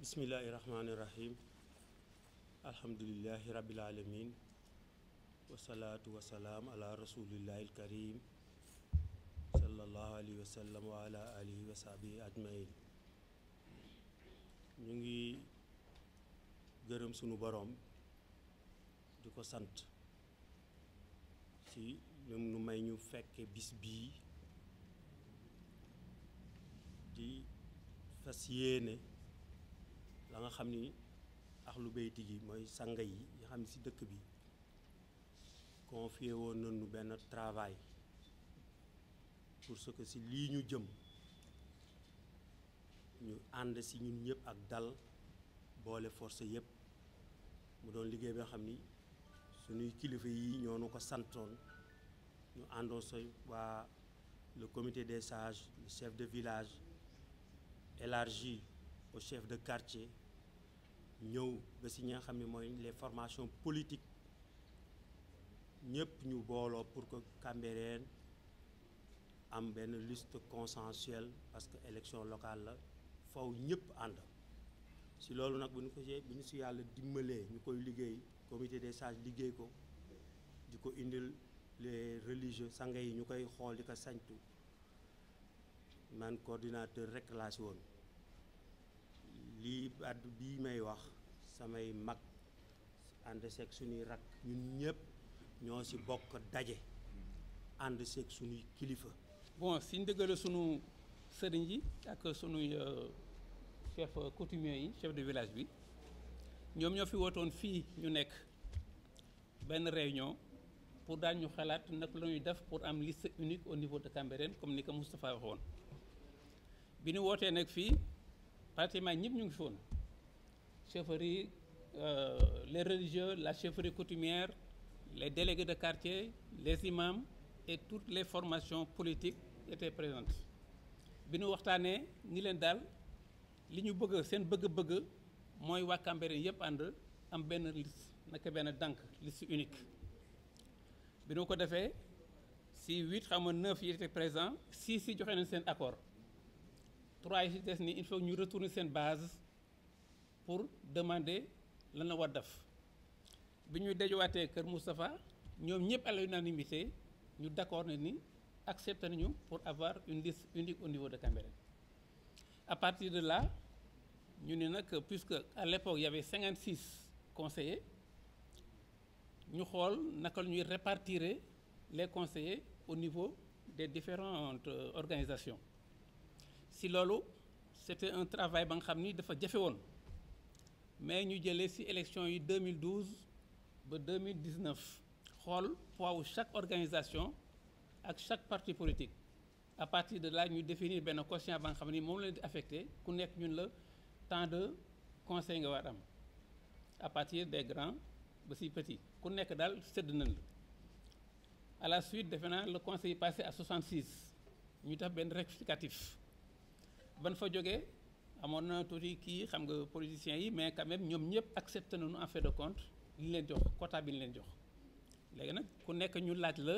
bismillaahi rahmaani rahiim alhamdulillaahi rabbil aalamiin wasalaatu wasalaam ala rasuulillaahi karim sallallahu alayhi wa sallam alihi wa sahbihi ajmain ñu ngi gërëm sunu boroom di ko sant ci lim nu may ñu fekke bis bii di fas yéene la nga xam ni axlu bayti gi mooy sanga yi nga xam ne si dëkk bi confié woon nañu benn travail pour ce que si lii ñu jëm ñu ànd si ñun ñëpp ak dal boole force yëpp mu doon liggéey bi nga xam ni suñuy kilifa yi ñoo nu ko santoon ñu àndoon sa waa le commité des sages le chef de village élargi au chef de quartier ñëw ba si ñi nga xam ne mooy les formation politiques ñëpp ñu booloo pour que Cambérène am benn liste consensuelle parce que élection locale la faw ñëpp ànd si loolu nag bu ñu ko bu ñu si yàlla dimbalee ñu koy liggéey comité des sages liggéey ko di ko indil les religieux sanga yi ñu koy xool di ko sañtu man coordinateur rek laa si woon lii addu bii may wax samay mag ànd seeg suñuy rakk ñun ñëpp ñoo ci bokk daje ànd seeg suñuy kilifa bon si ndëggale sunu sëriñ yi ak sunuy euh, chef coutumier yi chef de village bi ñoom ñoo fi wootoon fii ñu nekk benn réunion pour daan ñu xalaat nag lañuy def pour am liste unique au niveau de Cambérène comme ni ko Moustapha waxoon bi ñu wootee nag fii partiment ñëpp ñu ngi fi woon chefferie euh, les religieux la chefferie coutumière les délégués de quartier les imams et toutes les formations politiques étaient présentes bi ñu waxtaanee ni leen daal li ñu bëgg seen bëgg-bëgg mooy waa Cambérène yëpp ànd am benn liste naka benn dànk liste unique bi ñu ko defee si huit xam nga neuf yi étaient présents six si joxe nañ seen accord trois yi si des ni il faut ñu retourner seen base pour demander lan la war def bi ñuy dajawaatee kër Moustapha ñoom ñëpp à l'unanimité ñu d'accord na ni accepté nañu pour avoir une liste unique au niveau de Cambérène à partir de là ñu ne nag puisque à l'époque il y avait 56 conseiller ñu xool naka la ñuy répartir les conseillers au niveau des différentes euh, organisations si loolu c'était un travail ba nga xam ni dafa jafe woon mais ñu jëlee si élection yi 2012 ba 2019 xool poids chaque organisation ak chaque parti politique à partir de là ñu définir benn quotient ba nga xam ni moom la di ku nekk ñun la temps de conseil nga war am à partir des grands ba si petits ku nekk daal sedd nañ la à la suite defe naa le conseil passé à 66 ñu tax benn rectificatif ban fa jógee amoon na tuuti kii xam nga politiciens yi mais quand ñoom ñëpp accepté nañu en fait de compte li leen jox quota bi ñu leen jox léegi nag ku nekk ñu laaj la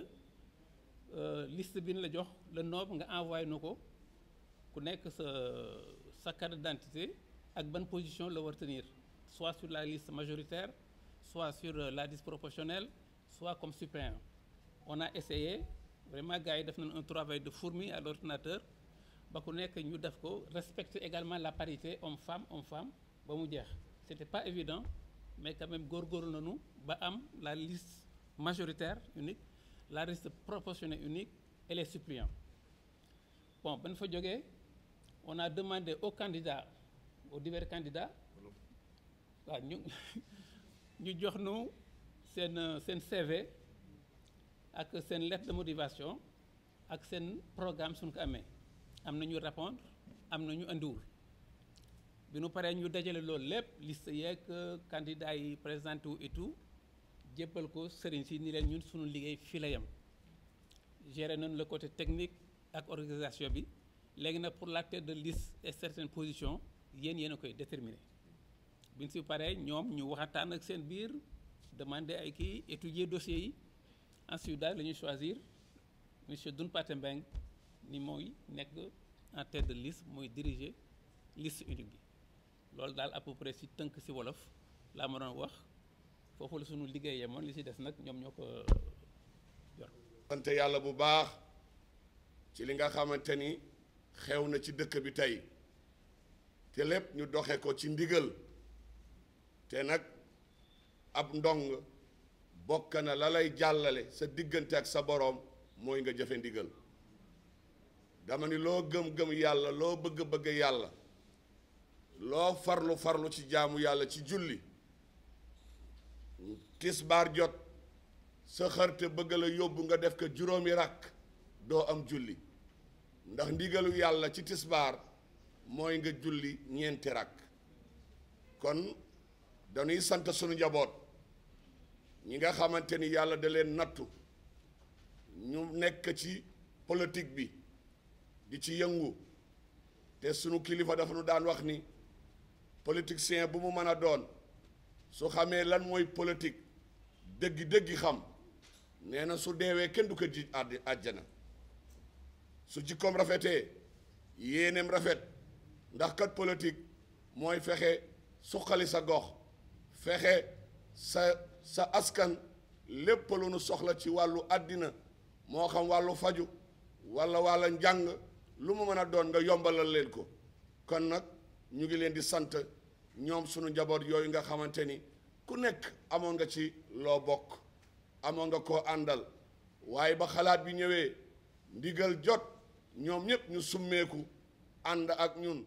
euh, liste bi la jox le nombre nga envoyé nu ko ku nekk sa sa carte d'identité ak ban position la war tenir soit sur la liste majoritaire soit sur euh, la liste proportionnelle soit comme suppléant on a essayé vraiment gars yi def nañ un travail de fourmi à l'ordinateur ba ku nekk ñu def ko respecte également la parité homme femme homme femme ba mu jeex c'était pas évident mais quand même góorgóorlu nañu ba am la liste majoritaire unique la liste proportionnelle unique et les suppléants bon ba ñu fa jógee on a demandé aux candidats au divers candidats waaw ñu ñu jox nu seen seen CV ak seen lettre de motivation ak seen programme suñ ko amee am na ñu répondre am na ñu andiwul bi nu paree ñu dajale loolu lépp liste yeeg euh, candidat yi présenté wu et tout jébbal ko sëriñ si ni leen ñun suñu liggéey fii la yem géré nañu le côté technique ak organisation bi léegi nag pour la tête de liste et certaines positions yéen yéen a koy déterminer bi ñu si paree ñoom ñu waxataan ak seen biir demander ay kii étudier dossiers yi ensuite daal la choisir monsieur Doun Pathé Mbengue ni mooy nekk en tête de liste mooy diriger liste unique bi loolu daal à peu près tënk ci wolof laa ma doon wax foofu la sunu liggéey yemoon li si des nag ñoom ñoo ko euh, yor. yàlla bu baax ci li nga xamante ni xew na ci dëkk bi tey te lépp ñu doxe ko ci ndigal te nag ab ndong bokk na la lay jàllale sa diggante ak sa boroom mooy nga jëfe ndigal. dama ni loo gëm-gëm yàlla loo bëgg-bëgg yàlla loo farlu-farlu ci jaamu yàlla ci julli tisbaar jot sa xarte bëgg la yóbbu nga def ko juróomi rakk doo am julli ndax ndigalu yàlla ci tisbaar mooy nga julli ñeenti rakk kon dañuy sant sunu njaboot ñi nga xamante ni yàlla da leen nattu ñu nekk ci polotik bi di ci yëngu te sunu kilifa dafa nu daan wax ni politicien bu mu mën a doon su xamee lan mooy politique dëggi dëggi xam nee na su deewee kenn du ko ji àjjana su jikkoom rafetee yéeneem rafet ndax kat politique mooy fexe suqali sa gox fexe sa sa askan lépp lu nu soxla ci wàllu àddina moo xam wàllu faju walla wàlla njàng lu mu mën a doon nga yombalal leen ko kon nag ñu ngi leen di sant ñoom sunu njaboot yooyu nga xamante ni ku nekk amoon nga ci loo bokk amoon nga koo àndal waaye ba xalaat bi ñëwee ndigal jot ñoom ñëpp ñu summeeku ànd ak ñun